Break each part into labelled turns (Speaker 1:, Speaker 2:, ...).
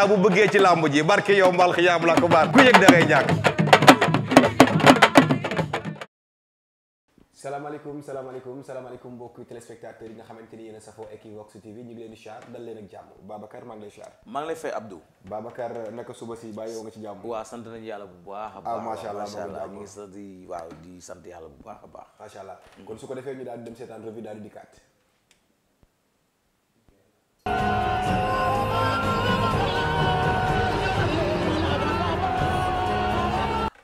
Speaker 1: naa bu bëggee ci làmb ji barke yow mbal xiyaam la ko baar ku yëg da ngay ñàkk
Speaker 2: salaamaaleykum salaamaaleykum salaamaaleykum mbokki téléspectateurs yi nga xamante ni yéen a safoo TV ñu ngi leen di char dal leen ak jàmm Babacar maa ngi lay char maa ngi Abdou Babacar naka suba si bàyyi woo nga ci jàmm waa sant na yàlla bu baax a baax ah, macha allah macha allah ñu ngi sant yàlla bu baax a baax macha allah kon su ko defee ñu daal di dem seetaan revue daal di dikkaat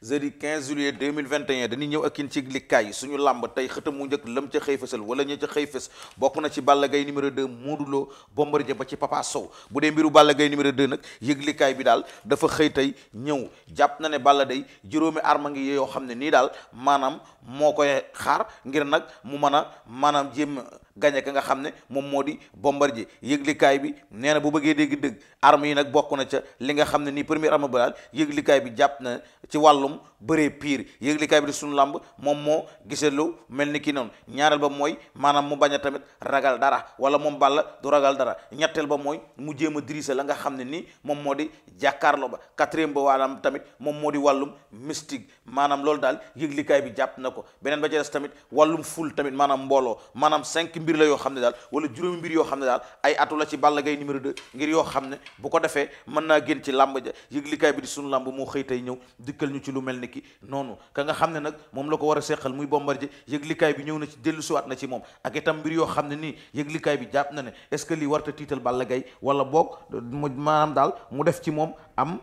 Speaker 3: jeudi 15 juillet 2021 dañuy ñëw ak yin ci likkaay suñu làmb tey xëtam mu njëkk lëm ca xëy fësal wala ña ca xëy fës bokk na ci Balla gay numéro 2 Modou Lo Bombardier ba ci Papa bu dee mbiru Balla Gaye numéro 2 nag yëglikaay bi daal dafa xëy tey ñëw jàpp na ne Balla dey juróomi arm a ngi yoo xam ne nii daal maanaam moo koy xaar ngir nag mu mën a maanaam jéem gañe ka nga xam ne moom moo di Bombardier yëglikaay bi nee na bu bëggee dégg dëgg arm yi nag bokk na ca li nga xam ne nii premier arme ba daal yëglikaay bi jàpp na ci wàllum bëree piir yëglikaay bi di sunu làmb moom moo gisee lu mel ni ki noonu ñaareel ba mooy maanaam mu bañ a tamit ragal dara wala moom Balla du ragal dara ñetteel ba mooy mu jéem a dirise la nga xam ne nii moom moo di jàkkaarloo ba quatrième ba waalaam tamit moom moo di wàllum mystique maanaam loolu daal yëglikaay bi jàpp na ko beneen ba ci des tamit wàllum ful tamit maanaam mbooloo maanaam cinq mbir la yoo xam ne daal wala juróomi mbir yoo xam ne daal a atu la ci Balla Gaye numéro ngir yoo xam ne bu ko defee mën naa génn ci làmb ja yëglikaay bi di sunu làmb moo xëy tey ñëw kenn ki noonu ka nga xam ne nag moom la ko war a seqal muy Bombardier yëglikaay bi ñëw na ci dellu siwaat na ci moom ak itam mbir yoo xam ne nii yëglikaay bi jàpp na ne est-ce que lii warta tiital Balla Gaye wala boog maanaam daal mu def ci moom am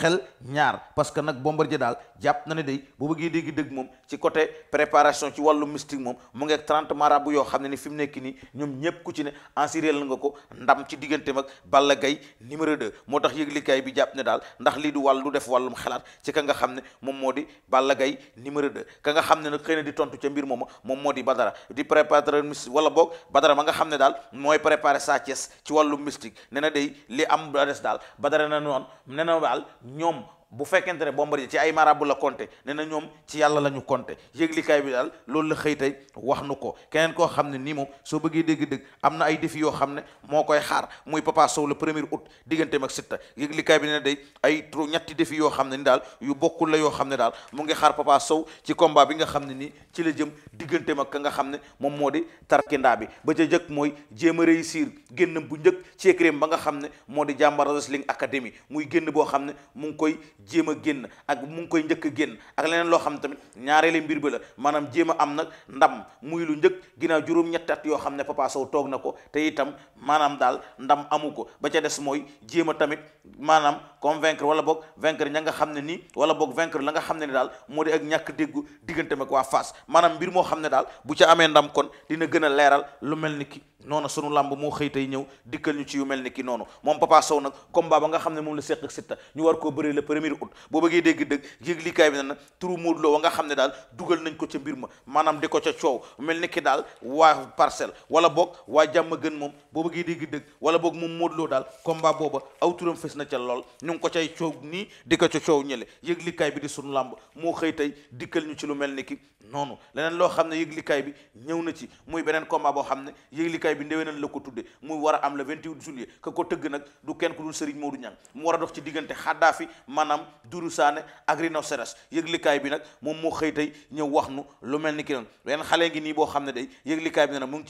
Speaker 3: xel ñaar parce que nag Bombardier daal jàpp na ne day bu bëggee dégg dëgg moom ci côté préparation ci wàllu mystique moom mu ngi ak 30 marabu yoo xam ne ni fi mu nekk nii ñoom ñépp ku ci ne assuré la nga ko ndam ci digganteem ak Balla Gaye numéro de moo tax yëglikaay bi jàpp ne daal ndax lii du wàllu def wàllum xalaat ci ka nga xam ne moom moo di Balla gay numéro de ka nga xam ne nag xëy na di tontu ca mbir mooma moom moo di Badara di préparateur mystique wala boog Badara ma nga xam ne daal mooy préparé Sa ci wàllu mystique ne na day li am daal ñoom bu fekkente ne Bombardier ci ay marabu la compté nee na ñoom ci yàlla la ñu compté yëglikaay bi daal loolu la xëy tey wax nu ko keneen koo xam ne nii moom soo bëggee dégg-dégg am na ay défi yoo xam ne moo koy xaar muy Papa Sow le premier août digganteem ak Siteu yëglikaay bi ne day ay ñetti défi yoo xam ne ni daal yu bokkul la yoo xam ne daal mu ngi xaar Papa Sow ci combat bi nga xam ne nii ci la jëm digganteem ak nga xam ne moom moo di tarkindaa bi ba ca jëkk mooy jéem a réussir génn bu njëkk ci écréem ba nga xam ne moo di jàmbaar Wrestling Academy muy génn boo xam ne mu ngi koy jéem a génn ak mu ngi koy njëkk génn ak leneen loo xam tamit ñaareele mbir bi la maanaam jéem a am nag ndam muy lu njëkk ginnaaw juróom-ñetti yoo xam ne Papa Sow toog na ko te itam maanaam daal ndam amu ko ba ca des mooy jéem a tamit maanaam convaincre wala boog vaincre ña nga xam ne nii wala boog vaincre la nga xam ne ni daal moo di ak ñàkk déggu diggante ak waa Fass maanaam mbir moo xam ne daal bu ca amee ndam kon dina gën a leeral lu mel ni ki noonu sunu làmb moo xëy tey ñëw dikkal ñu ci yu mel ni ki noonu moom Papa Sow nag combat ba nga xam ne moom la seq ak Siteu ñu war koo bëri le premier août boo bëggee dégg dëgg yëglikaay bi ne na ko ca mbir ma maanaam di ko ca coow mel ni ki daal waa parcelle wala boog waa jàmm gën moom boo bëggee dégg dëgg wala boog moom Modou Lo daal combat booba aw na lool ñu ngi ko cay coow nii di ko ca coow bi di sunu làmb moo xëy tey dikkal ñu ci lu mel ni ki noonu leneen loo xam ne yëg yëglikaay bi ñëw na ci muy beneen combat boo xam ne yëglikaay jotaay bi ndewenal la ko tudde muy war a am le 28 juillet que ko tëgg nag du kenn ku dul Serigne Modou Niang mu war a dox ci diggante Xaddaafi maanaam Duru Saane ak yëglikaay bi nag moom moo xëy tey ñëw wax nu lu mel ni ki noonu benn xale ngi nii boo xam ne day yëglikaay bi ne mu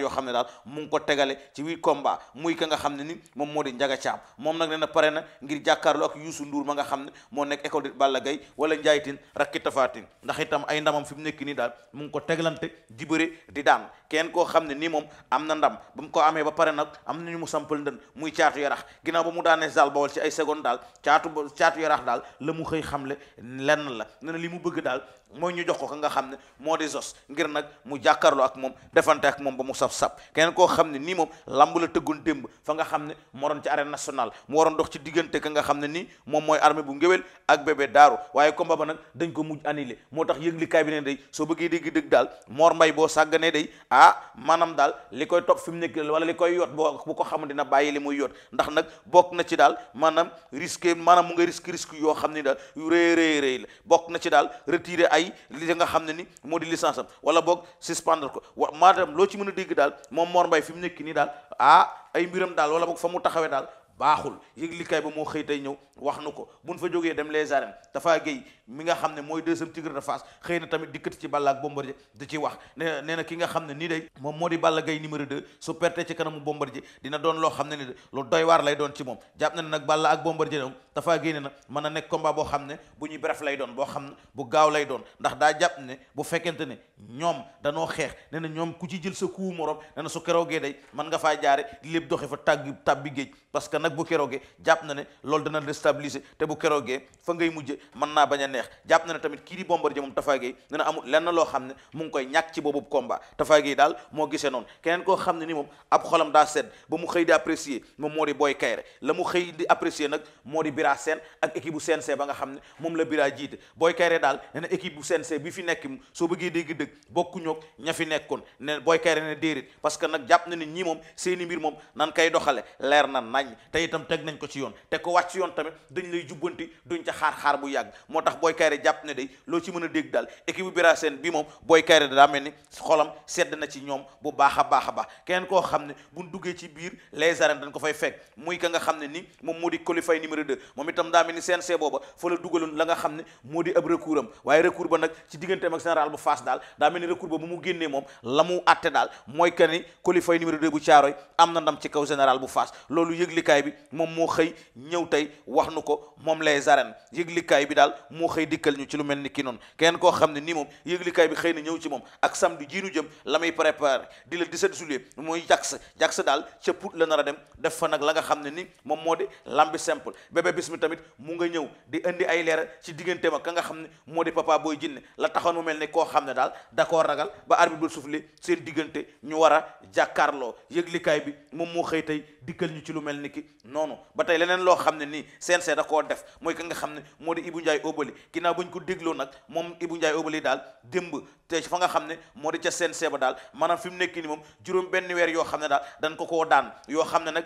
Speaker 3: yoo xam ne daal mu ngi ko tegale ci huit combat muy ka ne ni moom moo di Njaga Caam moom nag nee na pare na ngir jàkkaarloo ak Youssou Ndour ma nga xam ne moo nekk école de Balla Gaye wala Njaaytin rakki Tafaatin ndax itam ay ndamam fi mu nekk nii daal mu ngi ko tegalante di bëre di daan kenn koo xam ne nii moom am na ndam ba mu ko amee ba pare nag am na ñu mu sampal ndën muy caatu yarax ginnaaw ba mu daanee zal bawol ci ay seconde daal caatu caatu yarax daal la mu xëy xamle lenn la ne na li mu bëgg daal mooy ñu jox ko ka nga xam ne moo di zos ngir nag mu jàkkaarloo ak moom defante ak moom ba mu sab-sab keneen koo xam ne nii moom lamb la tëggoon démb fa nga xam ne moo doon ci arène nationale mu waroon dox ci diggante ka nga xam ne nii moom mooy armée bu ngéwél ak bébé daaru waaye combat ba nag dañ ko mujj annulé moo tax yëglikaay bi ne day soo bëggee dégg dëgg daal Mor Mbay boo sàgganee day ah maanaam daal li koy topp fi mu nekk wala li koy yoot boo bu ko xam dina bàyyi li muy yot ndax nag bokk na ci daal maanaam risque maanaam mu nga risque risque yoo xam ni daal yu rëy rëy rëy la bokk na ci daal retirer ay li nga xam ne ni moo di licence am wala boog suspendre ko wa maanaam loo ci mën a dégg daal moom Mor Mbaye fi mu nekk nii daal ah ay mbiram daal wala boog fa mu taxawee daal baaxul yëglikaay ba moo xëy tey ñëw wax nu ko buñ fa jógee dem les arènes dafa géey mi nga xam ne mooy deuxième tigre de Fass xëy na tamit dikkati ci Balla ak Bombardier di ci wax ne na ki nga xam ne nii day moom moo di Balla Gaye numéro 2 su ci kanamu Bombardier dina doon loo xam ne ni lu doy waar lay doon ci moom jàpp na nag Balla ak Bombardier moom dafa géey ne na mën a nekk komba boo xam ne bu ñuy bref lay doon boo xam ne bu gaaw lay doon ndax daa jàpp ne bu fekkente ne ñoom danoo xeex nee na ñoom ku ci jël sa coup morom nee na su keroogee day mën nga faa jaare lépp doxe fa tàgg tab bi géej parce que nag bu keroogee jàpp na ne loolu dana déstabiliser te bu keroogee fa ngay mujje mën naa bañ a neex jàpp na ne tamit kii di Bombardier moom Tapha Gueye dina amul lenn loo xam ne mu ngi koy ñàkk ci boobu combat Tapha Gueye daal moo gisee noonu keneen koo xam ne ni moom ab xolam daa sedd mu xëy di apprécier moom moo di Boy Kayre la mu xëy di apprécier nag moo di Bira Sène ak équipe bu CNC ba nga xam ne moom la Bira jiite Boy Kayre daal ne na équipe bu CNC bi fi nekk soo bëggee dégg dëgg bokkuñoog ña fi nekkoon ne Boy Kayre ne déedéet parce que nag jàpp na ne ñii moom seeni mbir moom nan kay doxale leer nan nañ te itam teg nañ ko ci yoon te ko wàcc yoon tamit dañ lay jubbanti duñ ca xaar-xaar bu yàgg moo tax Boy Kayre jàpp ne day loo ci mën a dégg daal équipe bu bira seen bi moom Boy Kayre daa mel ni xolam sedd na ci ñoom bu baax a baax a baax keneen koo xam ne buñ duggee ci biir les arènes dañ ko fay fekk muy ka nga xam ne ni moom moo di qualifié numéro 2 moom itam daa mel ni CNC booba fa la nga xam ne moo di ab recours am waaye recours ba nag ci digganteem ak général bu Fass daal daa mel ni recours ba bu mu génnee moom la mu atte mooy que ni qualifié numéro 2 bu Caaroy am na ndam ci kaw général bu Fass loolu yëglikaay bi moom moo xëy ñëw tey wax nu ko moom les arènes yëglikaay bi daal moo ñu ci lu mel ni ki noonu kenn koo xam ne nii moom yëglikaay bi xëy na ñëw ci moom ak samedi jii nu jëm la muy préparé di le 17 juillet mooy jax jax daal ca Pout la nar a dem def fa nag la nga xam ne ni moom moo di lambi simple bébé bis mi tamit mu nga ñëw di indi ay leera ci diggante ak ka nga xam ne moo di papa booy jinne la taxoon mu mel ni koo xam ne daal d'accord ragal ba arbitre bi soufflé seen diggante ñu war a jàkkaarloo yëglikaay bi moom moo xëy tey dikkal ñu ci lu mel mel ni ki noonu ba tey leneen loo xam ne nii CNC da koo def mooy ki nga xam ne moo di Ibou Ndiaye Obali ginnaaw bu ñu ko dégloo nag moom Ibou Ndiaye Obali daal démb te fa nga xam ne moo di ca seen ba daal maanaam fi mu nekk ni moom juróom benn weer yoo xam ne daal dañ ko koo daan yoo xam ne nag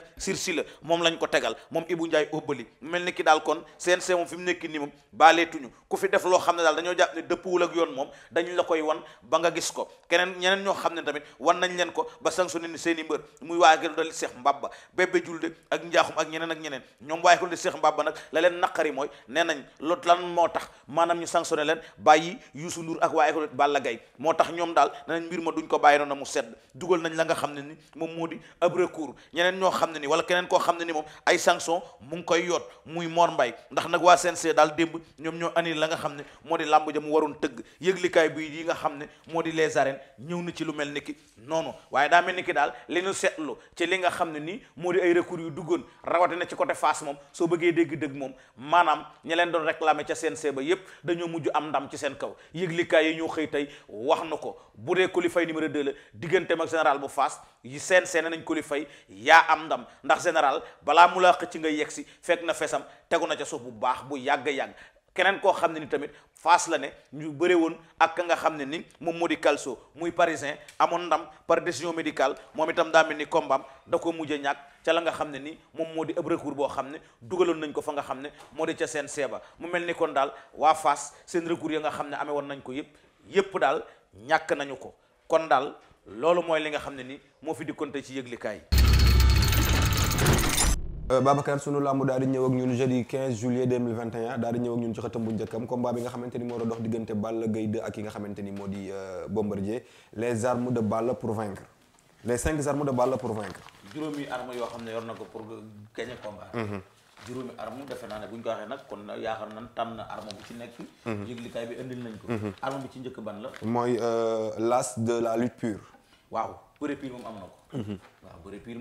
Speaker 3: la moom lañ ko tegal moom Ibou Ndiaye Obali mel ni ki daal kon CNC moom fi mu nekk ni moom ku fi def loo xam ne daal dañoo jàpp ne dëppwul ak yoon moom dañ la koy wan ba nga gis ko keneen ñeneen ñoo xam ne tamit wan nañ leen ko ba sanctionné ni seen i mbër muy waa gën dal Cheikh Mbaba bébé julde ak njaaxum ak ñeneen ak ñeneen ñoom waaye ko li Cheikh Mbaba nag la leen naqari mooy nee nañ lan moo tax maanaam ñu sanctionné leen bàyyi Youssou Ndour ak waaye ko li Balla moo tax ñoom daal nee nañ mbir ma duñ ko bàyyi noonu mu sedd dugal nañ la nga xam ne ni moom moo di ab ñeneen ñoo xam ne ni wala keneen koo xam ne ni moom ay sanction mu koy yoot muy Mor Mbaye ndax nag waa CNG daal démb ñoom ñoo ani la nga xam ne moo di làmb ja mu waroon tëgg yëglikaay bi yi nga xam ne moo di les arènes ñëw na ci lu mel ni ki noonu waaye daa mel ni ki daal li ñu seetlu ci li nga xam ne nii moo di ay recours yu duggoon rawatina ci ko côté Fass moom soo bëggee dégg dëgg moom maanaam ña leen doon réclamer ca CNG ba yépp dañoo mujj am ndam ci seen kaw yëglikaay yi ñoo xëy tey wax na ko bu dee Colifay numéro 2 la digganteem ak bu Fass yi seen seen nañ Colifay yaa am ndam ndax général balaa mu laa xëcc nga yegg si fekk na fesam tegu na ca suuf bu baax bu yàgg yàgg keneen koo xam ne ni tamit Fass la ne ñu bëre woon ak ka nga xam ne ni moom moo di Calcio muy parisien amoon ndam par décision médicale moom itam daa mel ni kombaam da ko mujj ñàkk ca la nga xam ne ni moom moo di ab recours boo xam ne dugaloon nañ ko fa nga xam ne moo di ca seen seeba mu mel ni kon daal waa Fass seen recours ya nga xam ne amee woon nañ ko yëpp yëpp daal ñàkk nañu ko kon daal loolu mooy li nga xam ne ni moo fi di konte ci yëglikaay
Speaker 2: Euh, Babacar sunu làmb daal di ñëw ak ñun jeudi 15 juillet 2021 daal di ñëw ak ñun ci xëtam bu njëkkam combat bi nga xamante ni moo doon dox diggante Balla Gaye ak yi nga xamante moo di euh, Bombardier les armes de Balla pour vaincre les cinq armes de Balla pour vaincre.
Speaker 3: juróomi armes yoo xam ne yor na ko pour gagner combat. Mhm. juróomi arme defe naa ko waxee nag kon yaakaar nan tànn arme bu ci nekk mhm. yëglikaay bi indil nañ ko mhm. arme bi ci njëkk ban la
Speaker 2: mooy euh, l'as de la lutte pure
Speaker 3: waaw bëre pure moom am na ko waaw bëre pure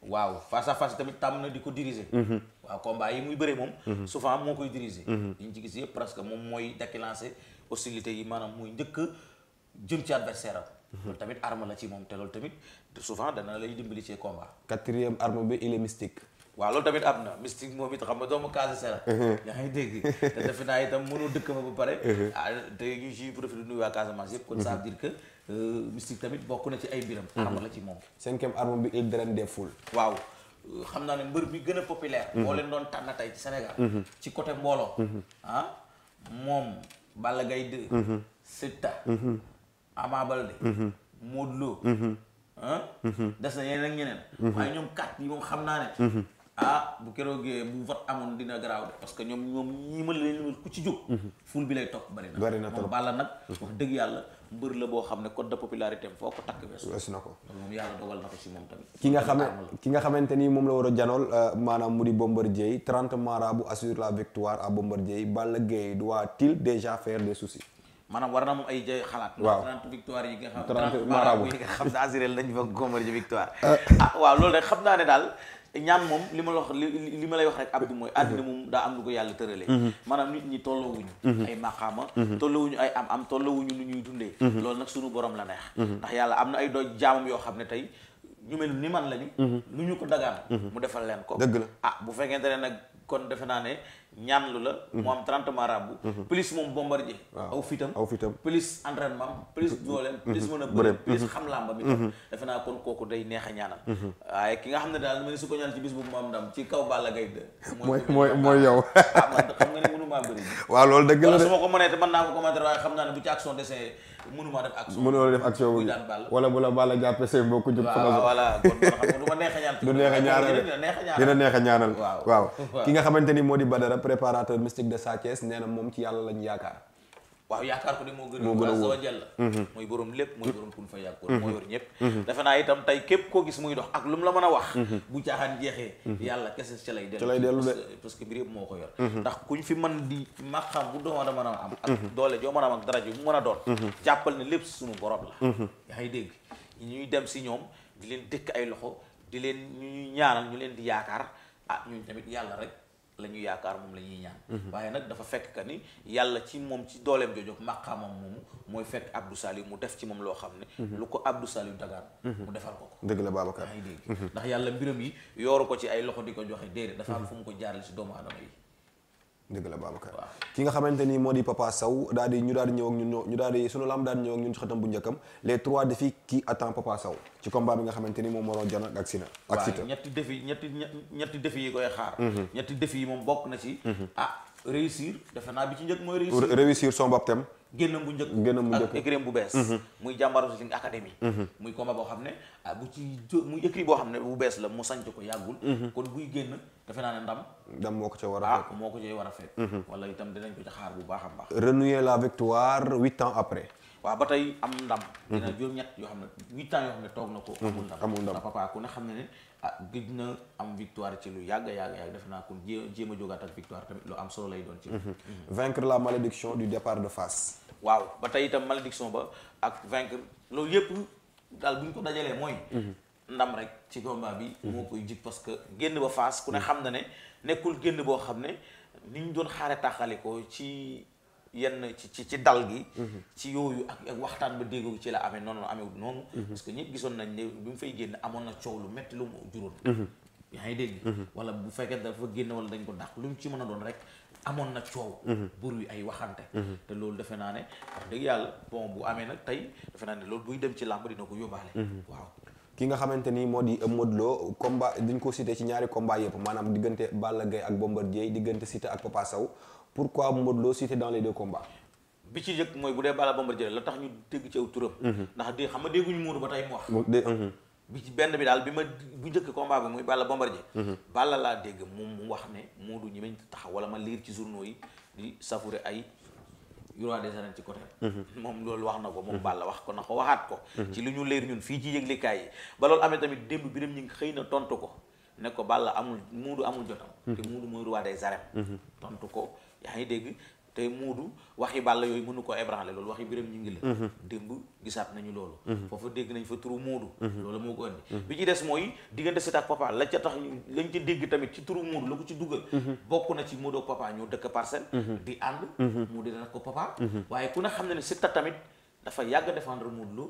Speaker 3: waaw face à face tamit tàmm na di ko diriger. Mhm. waaw combat yi muy bëree moom. Mhm. souvent moo koy diriger. yi mhm. ñu gis yëpp presque moom mooy dakki lancé hostilité yi maanaam muy njëkk jëm ci adversaire am. loolu tamit arme la ci moom te loolu tamit souvent dana lay dimbali ci combat.
Speaker 2: quatrième arme bi il est mystique.
Speaker 3: loolu tamit am na mystique moom it xam nga doomu kaasa sera yaa ngi dégg te defe naa itam mënoo dëkk ma ba pare ah te ñu ci profité nuyu waa Casamance yëpp kon ça veut dire Euh, mystique tamit bokk na ci ay mbiram. Mhm. arme la ci moom. cinquième arme bi il draine des foules. waaw euh, xam naa ne mbër bi gën a populaire. boo mhm. leen doon tànn tey ci Sénégal. Mhm. ci côté mbooloo. ah moom Balla Gaye 2. Siteu. Ama Baldé. Modou ah, des na yeneen ak waaye ñoom quatre yi moom xam naa ne. ah bu keroogee eh, bu vote amoon dina garaaw de parce que ñoom ñoom ñi ma ku ci jóg mhm. ful bi lay topp bari na bari na trop Balla nag mhm. wax dëgg yàlla mbër la boo xam ne code de popularité foo ko takk weesu na ko loolu moom ki nga xam
Speaker 2: ki nga xamante ni moom la war a janool euh, maanaam mu di Bombardier 30 marabout assure la victoire à Bombardier Balla Gaye doit-il déjà faire des soucis
Speaker 3: maanaam war na moom ay jay xalaat. waaw 30 victoire yi nga xam 30 marabout yi nga xam ne assuré ñaan moom li ma la wax li ma lay wax rek abdu mooy àddina moom daa am lu ko yàlla tëralee mm-hmm. maanaam nit ñi tollowuñu mm-hmm. ay maqaama mm-hmm. tollowuñu ay am am tollowuñu lu ñuy dundee loolu nag sunu borom la neex ndax yàlla am na ay doj jaamam yoo xam ne tey ñu mel ni man lañu lu ñu ko dagaan mu defal leen ko dëgg la ah bu fekkente nag kon defe naa ne ñaan lu la. Mhm. mu am 30 marabu. plus moom bombardier. waaw aw fitam aw fitam plus entraînement plus mhm. dooleem. Mhm. plus mën a bëre plus xam làmba mi tam. defe naa kon kooku day neex a ñaanal. waaye ki nga xam ne daal ma ne su ko ñaan ci bis bu mu ndam ci kaw Balla Gaye de. mooy mooy mooy yow. Ah, xam nga ne mënu bëri. waaw loolu dëgg la de su ma ko mënee te mën naa ko commenter waaye xam naa ne bu ci action desee. mënuma def
Speaker 2: action def action bu wala bu la Balla jàppee say mbokk jóg waaw voilà kon du neex a ñaanal a dina neex a ñaanal waaw ki nga xamante ni moo di Badara préparateur mystique de Sa Thiès nee na moom ci yàlla lañ yaakaar
Speaker 3: waaw yaakaar ko de moo gën a wóor azza wa jalla mooy mhm. borom lépp mooy mhm. borom kun fa yàkkoon mhm. moo yor ñëpp defe naa itam tey képp koo gis muy dox ak lu mu la man a wax bu caaxaan jeexee yàlla kese ca lay dellu parce que mbir yëpp moo ko yor ndax kuñ fi mën di maqam bu dooma da mën a am ak doole joo man a am ak daraja bu mën a doon jàppal ne lépp suñu borom la yaa ngi dégg ñuy dem si ñoom di leen dëkk ay loxo di leen ñu ñuy ñaanal ñu leen di yaakaar ah ñun tamit yàlla rek lañu yaakaar moom la ñuy ñaan mhm. waaye nag dafa fekk ka ni yàlla ci moom ci dooleem jooju màqaamam moomu mooy fekk Abdou Saliou mu def ci moom loo xam ne mhm. lu ko Abdou Saliou dagaan mhm. mu defal ko ko dëgg la Babacar ay dégg ndax yàlla mbiram yi yooru ko ci ay loxo di ko joxe déedéet dafa am fu mu ko jaaral si doomu aadama yi
Speaker 2: dëgg la Babacar ki nga xamante ni moo di Papa Sow daal ñu daal di ñëw ak ñu daal di sunu lam daal di ñëw ak ñun ci bu njëkkam les trois défis qui attend Papa Sow ci combat bi nga xamante ni moom moroon Dione ak Sina ak Siteu
Speaker 3: ñetti défi ñetti ñetti défi yi koy xaar mhm. ñetti défi yi moom bokk na ci mhm. ah réussir defe naa bi ci njëkk mooy réussir réussir
Speaker 2: son génnam bu njëkk génnam bu njëkk ak écrit bu bees mhm.
Speaker 3: muy jàmbaar wrestling academy mhm. muy combat boo xam ne ah, bu ci muy écrit boo xam ne bu bees la mu sanc ko yàggul mhm. kon buy génn defe naa ne ndam ndam moo ko ca war a ah, fekk moo ko ca war a fekk wala itam dinañ ko ca xaar bu baax a baax renouer
Speaker 2: la victoire huit ans après
Speaker 3: waaw ba tey am ndam dina juróom-ñett yoo xam ne huit ans yoo xam ne toog na ko amul ndam amul ndam papa ku ne xam ne ne ah gëj na am victoire ci lu yàgg yàgg yàgg def naa ko kon jéem a jógaat ak victoire tamit lu am solo lay doon
Speaker 2: ci mhm. vaincre la malédiction du départ de Fass
Speaker 3: waaw ba tey itam malédiction ba ak vaincre loolu yëpp daal bu ñu ko dajalee mooy mhm. ndam rek ci combat bi mhm. moo koy jig parce que génn ba Fass ku ne xam na ne nekkul génn boo xam ne ni ñu doon xaare tàqalikoo ci yenn ci ci ci dal gi mhm. ci yooyu ak ak waxtaan ba déggoo ci la amee noonu amewul noonu mhm. parce que ñëpp gisoon nañ ni bi mu fay génn amoon na coow lu metti lu mu juróon mhm. yaa ngi dégg wala bu fekkee dafa génn wala dañ ko dàq lu mu ci mën a doon rek amoon na coow buru ay waxante te loolu defe naa ne wax yàlla bon bu amee nag tey defe naa ne loolu buy dem ci làmb dina ko yóbbaale
Speaker 2: waaw ki nga xamante ni moo di Modou Lo combat dañ ko cité ci ñaari combat yëpp maanaam diggante Balla Gaye ak Bombardier diggante Siteu ak Papa Sow pourquoi Modou Lo cité dans les deux combats.
Speaker 3: bi ci jëkk mooy bu dee Balla Bombardier la tax ñu dégg ci aw turam. Mhm. ndax de xam nga dégguñu Modou ba tey mu wax. Mhm. bi ci benn bi daal bi ma bu njëkk combat bi muy Balla Bombardier. Mhm. Balla laa dégg moom mu wax ne Modou ñi meñ taxaw wala ma liir ci journaux yi di savouré ay. roi des arènes ci côté moom loolu wax na ko moom Balla wax ko na ko waxaat ko ci li ñu leer ñun fii ci yëglikaay yi ba loolu amee tamit démb biram ñu ngi xëy na tontu ko ne ko Balla amul muudu amul jotam te muudu mooy roi yaa ngi dégg te muudu waxi bàll yooyu mënu ko ébranler loolu waxi biram ñu ngi la mhm. démb gisaat nañu loolu mhm. foofu dégg nañ fa turu muudu mhm. loolu moo ko indi bi ci des mooy diggante Siteu ak papa la ca tax lañ ci dégg tamit ci turu muudu la ko ci dugal bokk na ci muudu ak papa ñoo dëkk parcelle di ànd muudu dana ko papa waaye ku ne xam ne ne tamit dafa yàgg défendre muudu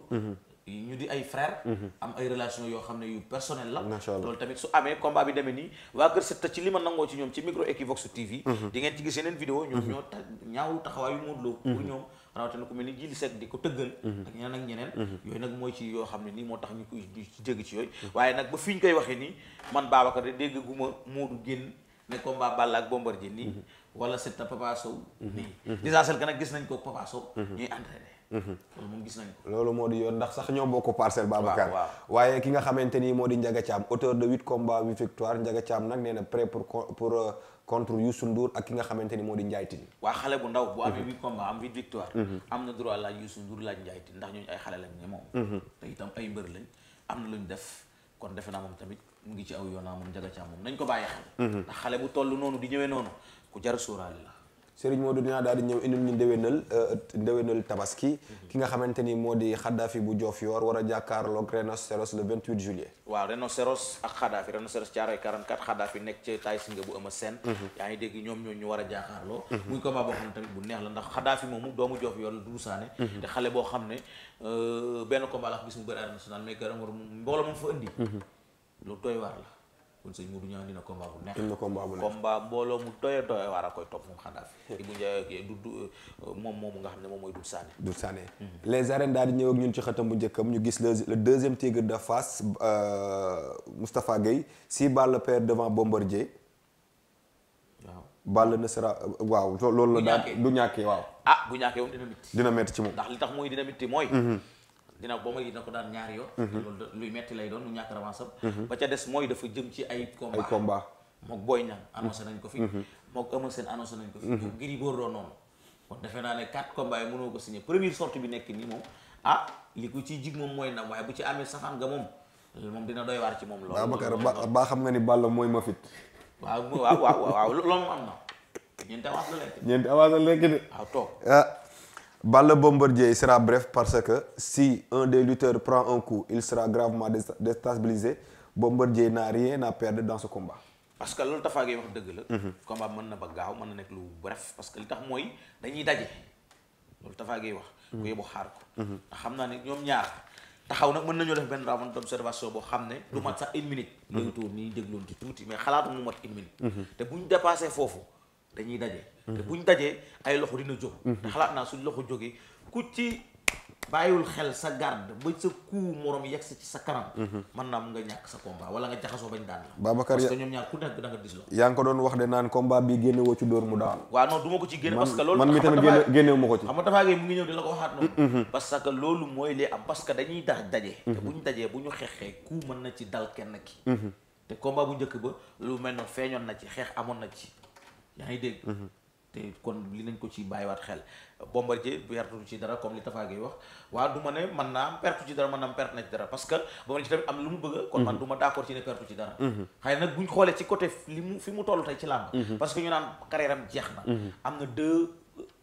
Speaker 3: ñu di ay frère mhm. am ay relation yoo xam ne yu personnel la loolu tamit su amee combat bi demee nii waa Kër Siteu ci li nangoo ci ñoom ci micro Equivox TV mhm. di ci gis yeneen vidéo ñoom mhm. ñoo ta ñaaw taxawaayu Modou Lo pour ñoom rawatina ku mel ni Jili Seck di ko tëggal ak ñeneen ak ñeneen yooyu nag mooy ci yoo xam ne nii moo tax ñu koy ci jégg ci yooyu waaye nag ba fi ñu koy waxee nii man Babacar de dégg gu ma génn ne combat Balla ak Bombardier nii mhm. wala Siteu Papa Sow
Speaker 2: mhm. nii mhm. Disa Sel
Speaker 3: nag gis nañ ko Papa Sow ñuy entraîné loolu moom gis nañ ko
Speaker 2: loolu moo di yoon ndax sax ñoo bokk parcelle Babacar waaye ki nga xamante nii moo di Ndiaga Thiam auteur de huit combats na prêt pour pour euh, contre Youssou Ndour ak ki nga xamante ni moo di Ndiaye
Speaker 3: waa xale bu ndaw bu amee huit combats am huit victoire am na droit laaj Youssou Ndour laaj Ndiaye ndax ñooñu ay xale lañ ne moom te itam ay mbër lañ am na lu ñu def kon defe naa moom tamit mu ngi ci aw yoonaa moom jaga caa ko bàyyi xel ndax xale bu toll noonu di ñëwee noonu ku jar sóoraale la
Speaker 2: Serigne Modou dinaa daal di ñëw indil ñu ndéwénal euh, ki nga xamante ni moo di Xaddafi bu Diofior war a jàkkaarloog Rhinocéros le 28 juillet
Speaker 3: waaw Rhinocéros ak Xaddafi Rhinocéros Thiaroye 44 Xaddafi nekk ci taay mhm. ngi dégg ñoom ñoo ñu war a jàkkaarloo muy neex la ndax Xaddafi moomu doomu Diofior la duusaane mhm. te xale boo xam ne euh, benn ko la gis mu bëri arène nationale mais gërëm war mbooloo moom fa indi mhm. lu tooy waar la
Speaker 2: kon sëñ Modou Niang dina combat bu neex. dina combat bu neex combat
Speaker 3: mbooloo mu doyoo doyoo waar a koy topp moom xanaa fi. Ibou du du moom moomu nga xam ne moom mooy Doudou Sané.
Speaker 2: Doudou Sané. Hmm. les arènes daal di ñëw ak ñun ci xatam bu njëkkam ñu gis le deuxième tigre de Fass euh, Moustapha Gueye si balle perd devant Bombardier. waaw balle ne sera euh, waaw loolu la. du ñàkkee daal du ñàkkee waaw. ah bu
Speaker 3: ñàkkee moom dina métti. dina métti ci moom li tax mooy dina dina boo ma dina ko daan ñaari yoon mhm. loolu luy metti lay doon lu ñàkk revanche mhm. ba ca des mooy dafa jëm ci ay combat mook Boy Niang annoncé nañ ko fi mhm. mook Eumeu Sène annoncé nañ ko fi mook Gris Bordeaux noonu kon defe naa ne quatre combats yi mënoo ko signé première sortie bi nekk nii moom ah li ko ciy jig moom mooy ndam bu ci amee saxaan nga moom dina doy waar ci moom loolu Babacar
Speaker 2: ba xam nga ni Balla mooy ma fit waaw waaw waaw waaw loolu moom
Speaker 3: am na ñeenti avance la
Speaker 2: lekk ñeenti avance la lekk de waaw toog ah. Balla Bombardier sera bref parce que si un des lutteurs prend un coup, il sera gravement déstabilisé. Bombardier n'a rien à perdre dans ce combat.
Speaker 3: parce que loolu Tafa Gueye wax dëgg la. Mhm. combat mën na ba gaaw mën na nekk lu bref parce que li tax mooy dañuy daje loolu Tafa Gueye wax. bu mhm. yóbbu xaar ko. Mhm. xam naa ne ñoom ñaar taxaw nag mën nañoo def benn round d'observation boo xam ne. lu mat sax une minute. léegi tuur nii dégluwoon ci tuuti mais xalaatu mu mat une minute. te bu ñu foofu. dañuy daje. te buñ dajee ay loxo dina jóg. te xalaat naa suñ loxo jógee ku ci bàyyiwul sa garde ba sa kuu morom yegg si ci ñàkk sa combat wala nga jaxasoo bañ daan la. Babacar parce nekk da
Speaker 2: nga wax de naan combat bi génne woo ci dóor mu daal. waaw non
Speaker 3: du ma ko ci génne. parce que loolu mhm. que loolu mooy li am parce que mhm. dajee bu ñu xeexee kuu mën na ci dal kenn ki. Mhm. te combat bu njëkk ba lu mel noonu feeñoon na ci xeex amoon na ci yaa ngi dégg. Mhm. te kon li nañ ko ci bàyyiwaat xel. Bombardier pertu ci dara comme li Tafa Gueye wax waa du ma ne man naa pertu ci dara man naa dara parce que Bombardier am lu mu bëgg kon man mhm. du ma d'accord ci ne pertu ci dara mhm. xëy na nag buñ xoolee ci côté li mu fi mu toll tey ci làmb parce que ñu naan carrière am jeex na am na deux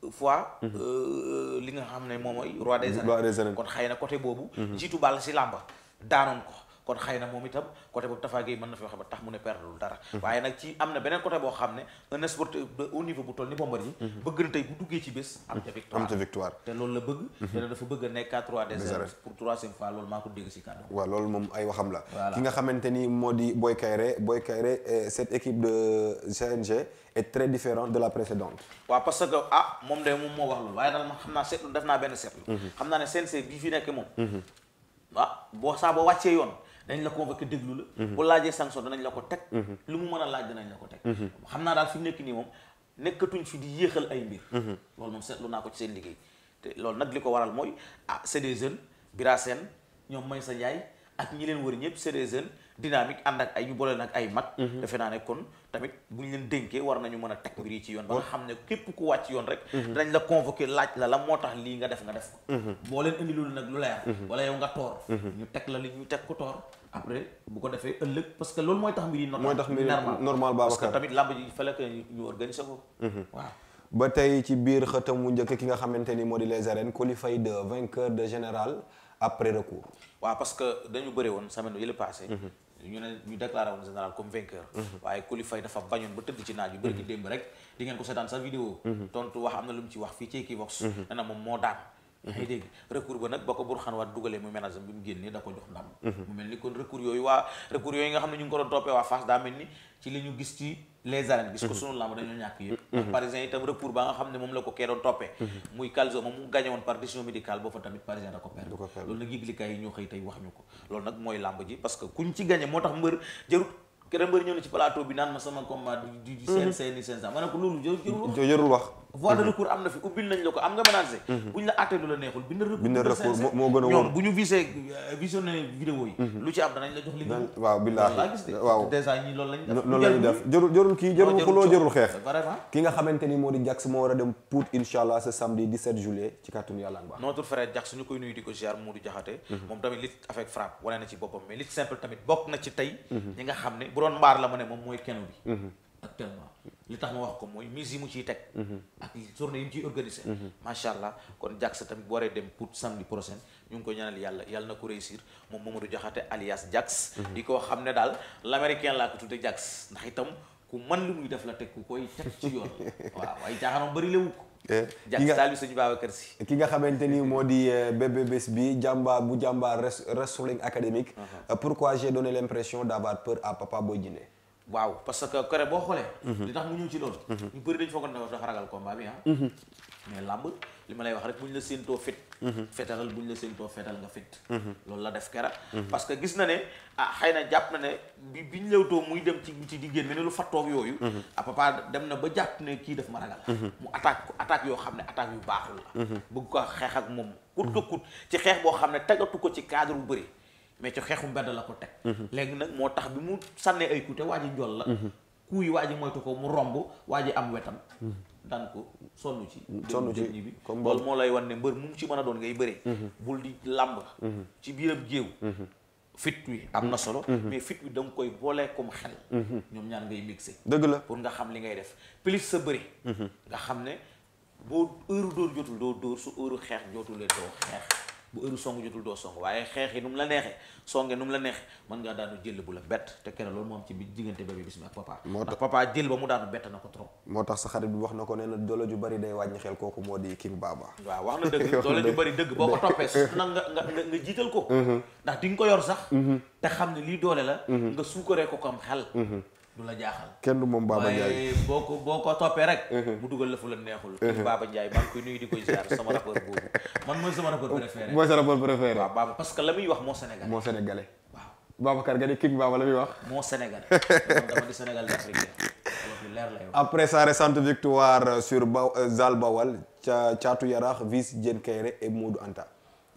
Speaker 3: euh, fois euh, li nga xam ne moom mooy roi des arènes kon xay na côté boobu jiitu bàll si làmba daanoon ko kon xëy na moom itam côté boobu Tafa Gueye mën na fi wax ba tax mu ne perdul dara waaye nag ci am na beneen côté boo xam ne un sportif au niveau bu toll ni Bombardier mhm. bëgg na tey bu duggee ci bés am ca victoire te loolu la bëgg mhm. te dafa bëgg a nekk roi des arènes pour troisième fois loolu maa ko dégg si kàddu
Speaker 2: waaw loolu moom ay waxam la ki nga xamante ni moo di Boy Kayré Boy Kayré euh, cette équipe de CNG est très différente de la précédente
Speaker 3: waaw parce que ah moom moom moo wax waaye daal man xam naa seetlu def naa benn seetlu mhm. xam naa ne CNG bi fi nekk moom ah, boo saa boo wàccee yoon dañ la convoqué déglu la mhm. bu laajee sanction danañ la ko teg mhm. lu mu mën a laaj danañ la ko teg mhm. xam naa daal fi mu nekk nii moom nekkatuñ fi di yéexal ay mbir loolu moom seetlu naa ko ci seen liggéey te loolu nag li ko waral mooy a ah, c'est des jeunes Bira Sène ñoom Maysa Ndiaye ak ñi leen wër ñëpp c'est des jeunes dynamique ànd ak ay ñu boole nag ay mag mhm. defe naa ne kon tamit bu ñu leen dénkee war nañu mën a teg mbir yi ci yoon ba nga xam ne képp ku wàcc yoon rek mhm. danañ la convoqué laaj la la moo tax lii nga def nga def ko mhm. boo leen indi loolu nag lu leer wala yow nga toor ñu teg la li ñu teg ko toor après bu ko defee ëllëg parce que loolu mooy tax mbir yi normal mooy tax mbir yi normal Babacar parce que tamit làmb ji fallait organiser ko waaw
Speaker 2: ba tey ci biir xëtam mu njëkk ki nga xamante ni moo di les arènes qualifié de vainqueur général après recours
Speaker 3: waaw parce que dañu bëri woon semaine yële passé ñu ne ñu déclaré woon général comme vainqueur mhm. waaye Coulifay dafa bañoon ba tëdd ci naaj yu bëri mhm. démb rek di ngeen ko seetaan sa vidéo mhm. tontu wax am na lu mu ci wax fii ci Equivox nee na moom moo daan yaa dégg recours ba nag ba ko Bourkhane dugalee mu ménage bi mu génnee da ko jox ndam mhm. mu mel ni kon recours yooyu waa recours yooyu nga xam ne ñu ngi ko doon toppee waa Fass daa mel ni ci li gis ci les arènes gis ko mhm. sunu lamb dañoo ñàkk yëpp mhm. parisien itam recours ba nga xam ne moom la ko kee doon toppee muy calzo moom mu gagné par décision médicale boo fa tamit parisien da ko perdre loolu nag yëglikaay ñoo xëy tey wax ñu ko loolu nag mooy voie de mhm. recours am na fi ubbil nañ la ko am nga menacé mhm. bu ñu la àttee lu la neexul bind recours bind recours moo gën a wóor bu ñu visé euh, visionné vidéo yi mhm. lu ci am danañ la jox li waaw billaahi waaw dèjà ñi loolu lañ loolu lañu def
Speaker 2: jërul jërul kii jërul xuloo jërul xeex vraiment ki nga xamante ni moo di Jax moo war a dem Pout incha allah ce samedi 17 juillet ci kàttanu yàlla baax
Speaker 3: notre frère Jax suñu koy nuyu di ko ziar Modou Diakhaté moom tamit lit avec frappe wane na ci boppam mais lit simple tamit bokk na ci tey ñi nga xam ne bu doon mbaar la ma ne moom mooy kenu bi actuellement li tax ma wax ko mooy mise yi mu ciy teg mhm. ak journée yi mu ciy organisé mhm. macha allah kon Diaks tamit bu waree dem pour samedi prochain ñu ngi ko ñaanal yàlla yàlla na ku réussir moom Mamadou joxate alias Diaks mhm. di ko xam ne daal l'américain laa ko tudde Diaks ndax itam ku man lu muy def la teg ku koy teg ci yoon waaw waaye jaaxaanam
Speaker 2: bëri léwu ko Diaks daal bi suñu Babacar Si ki nga xamante ni moo di eh, bébé bés bi jàmbaar bu jàmbaar wrestling académique uh-huh. euh, pourquoi j'ai donné l'impression d'avoir peur à Papa Boy Djiné
Speaker 3: waaw parce que kore boo xoolee. Mhm. li tax mu ñëw ci loolu. Mhm. ñu bëri dañu foog ne dafa ragal combat bi ah. Mhm. mais làmb li ma lay wax rek bu ñu la séentoo fit. fetalal bu ñu la séentoo fetal nga fit. loolu la def kera. parce que gis na ne ah, xay na jàpp na ne bi bi ñu lewtoo muy dem ci ci di génn ne lu fattoog yooyu. à ah, papa dem na ba jàpp ne kii daf ma ragal. mu attaque attaque yoo xam ne attaque yu baaxul la. bëgg ko xeex ak moom. kut ko kut ci xeex boo xam ne tagatu ko ci cadre bu bëri. mais ci xeexu mbedd la ko teg mhm. léegi nag moo tax bi mu sànnee ay kuute waa njool la mhm. kuy waa ji moytu ko mu romb waa am wetam mhm. daan ko sonn ci sonn ci bi loolu moo lay wan ne mbër mu ci mën a doon ngay bëree bul di làmb ci biiram géew fit am na solo mais fit da koy boolee comme xel ñoom ñaan ngay mixé dëgg la pour nga xam li ngay def plus sa bëri nga xam ne boo heure dóor jotul doo dóor su heure xeex jotul leen doo xeex bu heure song jotul doo song waaye xeex yi nu mu la neexee songe nu mu la neexee mën ngaa daanu jël bu la bett te kenn loolu moo
Speaker 2: am ci diggante bébé Bismi ak papa ndax papa jël ba mu daanu bett na ko trop moo tax sa xarit bi wax na ko nee na doole ju bari day wàññi xel kooku moo di King Baba waaw wax na dëgg doole ju bari dëgg boo ko toppee nag
Speaker 3: nga nga nga jiital ko mm-hmm. ndax di nga ko yor sax mm-hmm. te xam ne lii doole la mm-hmm. nga suukaree ko ko am
Speaker 2: xel du la jaaxal kenn du moom Baba Ndiaye
Speaker 3: boo ko boo ko toppee rek uh-huh. mu dugal la la neexul uh-huh. Baba Ndiaye maa ngi koy nuyu di koy ziar sama rapport boobu man mooy sama rapport préféré mooy sa
Speaker 2: rapport préféré waaw Baba parce
Speaker 3: que la muy wax moo sénégalais moo sénégalais waaw sa
Speaker 2: récente victoire sur ba euh, Zal Bawal Caatu Yaraax vice Diène Kaïré et Modou Anta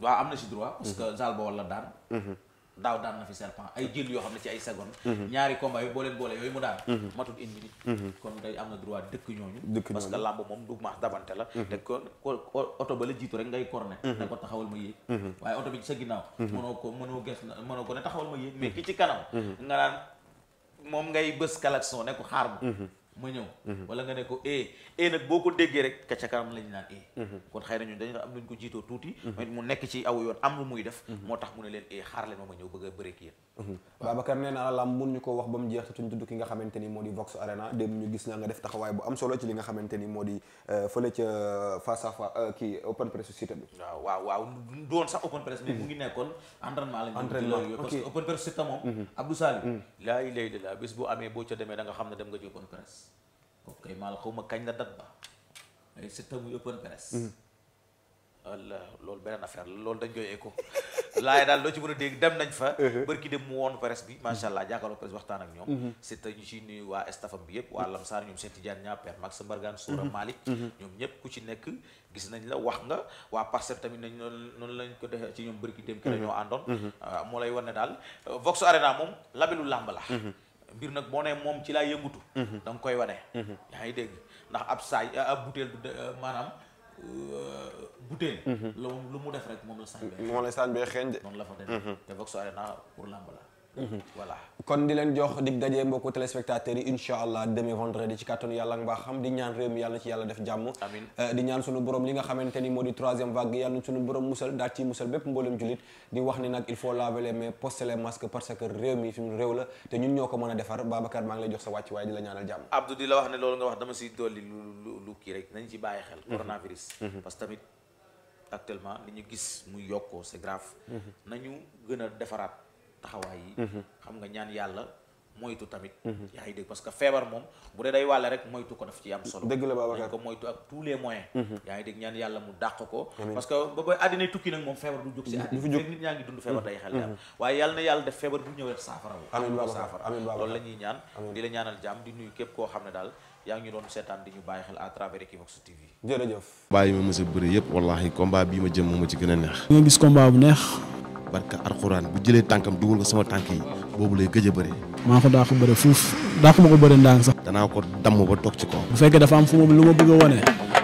Speaker 3: waaw am na si droit parce que mm-hmm. Zal Bawal la daan mm-hmm. daaw daan na fi serpent ay jël yoo xam ne ci ay seconde mhm. ñaari combat yi boo leen boole yooyu mu daan mhm. matut une minute mhm. kon day am na droit dëkk ñooñu parce que moom du maax dabante la te ko oto ba la jiitu rek ngay corné ne ko taxawal ma yéeg waaye oto bi sa ginnaaw mënoo ko mënoo ges na mënoo ko ne taxawal ma yéeg mais ki ci kanam nga naan moom ngay bës klaxon ne xaar ma ma ñëw mhm. wala nga ne ko e e nag boo ko déggee rek ka ca kanam lañu naan e kon xëy nañu dañ dañu am luñ ko jiitoo tuuti mhm. mu nekk ci aw yoon am lu muy def moo tax mu ne leen e xaar leen ma ma ñëw bëgg a bëre ak
Speaker 2: Babacar nee na lam mun ñu ko wax ba mu jeex te tuñ tudd ki nga xamante ni moo di Vox Arena dem ñu gis la nga def taxawaay bu am solo ci li nga xamante ni moo di euh, fële ca euh, face à face euh, kii open press société bi waaw waaw
Speaker 3: doon sax open press mais mu ngi nekkoon open
Speaker 2: press société moom mhm. Abdou Salim mhm.
Speaker 3: laa ilaha illallah bés bu amee boo ca demee da nga xam ne dem nga ci open press ok maa la xaw kañ la dat ba ay muy open press mhm. loolu beneen affaire la loolu dañ koy écho laay daal loo ci mën a dégg dem nañ fa uh-huh. bërki dem mu woon presse bi macha uh-huh. allah jàkkaarloo presse waxtaan ak ñoom uh-huh. c'est ñu ci nuyu waa stafam bi yëpp waa Lamsaar ñoom Cheikh Tidiane ñaa Max Mbargane Soura Malick ñoom ñëpp ku ci nekk gis nañ la wax nga waa Parcelles tamit nañ noonu noonu lañ ko defee ci ñoom bërki dem ki la ñoo àndoon ah, moo lay wan ne daal Vox Arena moom labelu làmb la mbir nag boo nee moom ci laa yëngutu da koy wane yaa ngi dégg ndax ab saay ab butéel Euh,
Speaker 2: butéel. Mhm.
Speaker 3: la lu mu def rek moom la sañ bee. moom la sañ bee xeeñ de. noonu la fa demee. Mhm. te Vox Arena pour lamb Mhm. voilà
Speaker 2: kon di leen jox dig daje mbokku téléspectateurs yi incha allah demain vendredi ci kàttanu yàlla nga xam di ñaan réew mi yàlla ci yàlla def jàmm eh, di ñaan sunu borom li nga xamante ni moo di troisième vague yàlla na sunu borom musal daal ci musal bépp mboolem julit di wax ni nag il faut laver les mains poster les parce que réew mi fi mu réew la te ñun ñoo ko mën a defar Babacar maa lay jox sa wàcc waaye di la ñaanal jàmm
Speaker 3: Abdou di la wax ne loolu mhm. Mhm. li ñu gis yokkoo c'est grave nañu gën a taxawaay yi mhm. xam nga ñaan yàlla moytu tamit mhm. yaa ngi parce que feebar moom bu dee day wàlle rek moytu ko daf ci am solo dëgg ko moytu ak tous les moyens mhm. yaa ngi ñaan yàlla mu dàq ko parce que ba ba àddina tukki nag moom feebar du jóg si àddina nit ñaa dund feebar day xel am ñu doon seetaan di ñu bàyyi xel à travers bàyyi ma mos a bëri yëpp wallahi combat bii ma jëm moo ci gën a neex nga gis combat bu neex barka alxuraan bu jëlee tànkam dugal ko sama tànk yi boobu lay gëj a bëri maa ko daa ko bëri fuuf ko ma ko sax danaa ko damm ba toog ci kaw bu fekkee dafa am fu lu ma bëgg a